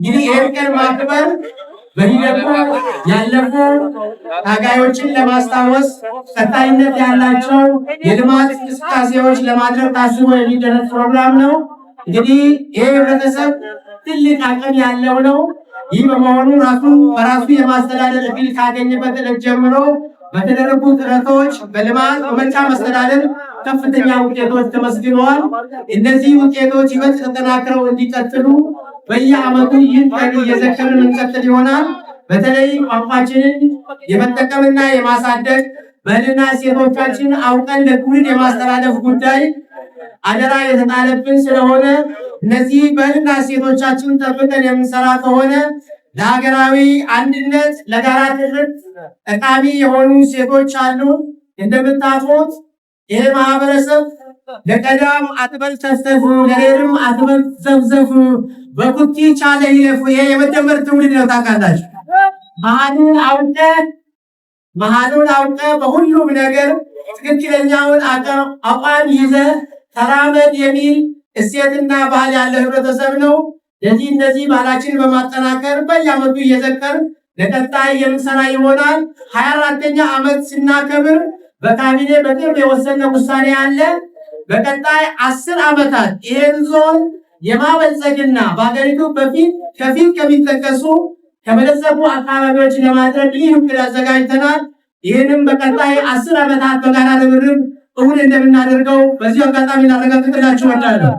እንግዲህ ይህን ቀን ማክበር በሂደቱ ያለፉ ታጋዮችን ለማስታወስ ቀጣይነት ያላቸው የልማት እንቅስቃሴዎች ለማድረግ ታስቦ የሚደረግ ፕሮግራም ነው። እንግዲህ ይህ ህብረተሰብ ትልቅ አቅም ያለው ነው። ይህ በመሆኑ ራሱ በራሱ የማስተዳደር እድል ካገኘበት ዕለት ጀምሮ በተደረጉ ጥረቶች በልማት በመልካም መስተዳደር ከፍተኛ ውጤቶች ተመስግነዋል። እነዚህ ውጤቶች ይበልጥ ተጠናክረው እንዲቀጥሉ በየዓመቱ ይህን ቀን እየዘከርን እንቀጥል ይሆናል። በተለይ ቋንቋችንን የመጠቀምና የማሳደግ በልና ሴቶቻችን አውቀን ለትውልድ የማስተላለፍ ጉዳይ አደራ የተጣለብን ስለሆነ እነዚህ በልና ሴቶቻችን ጠብቀን የምንሰራ ከሆነ ለሀገራዊ አንድነት ለጋራ ትርት ጠቃሚ የሆኑ ሴቶች አሉ። እንደምታፎት ይህ ማህበረሰብ ለቀዳም አትበል ተስተፉ፣ ለሌልም አትበል ዘፍዘፉ በኩቲ ቻለ ይሄ የመደመር ትውልድ ነው። ታውቃላችሁ መሀሉን አውቀ መሀሉን አውቀ በሁሉም ነገር ትክክለኛውን አቋም ይዘ ተራመድ የሚል እሴትና ባህል ያለ ህብረተሰብ ነው። ለዚህ እነዚህ ባህላችን በማጠናከር በየአመቱ እየዘከር ለቀጣይ የምሰራ ይሆናል። ሀያ አራተኛ ዓመት ስናከብር በካቢኔ በቅርብ የወሰነ ውሳኔ አለ። በቀጣይ አስር ዓመታት ይሄን ዞን የማበልጸግና በሀገሪቱ በፊት ከፊት ከሚጠቀሱ ከበለጸጉ አካባቢዎች ለማድረግ ይህ እቅድ አዘጋጅተናል። ይህንም በቀጣይ አስር ዓመታት በጋራ ርብርብ እውን እንደምናደርገው በዚህ አጋጣሚ ላረጋግጥላችሁ እወዳለሁ።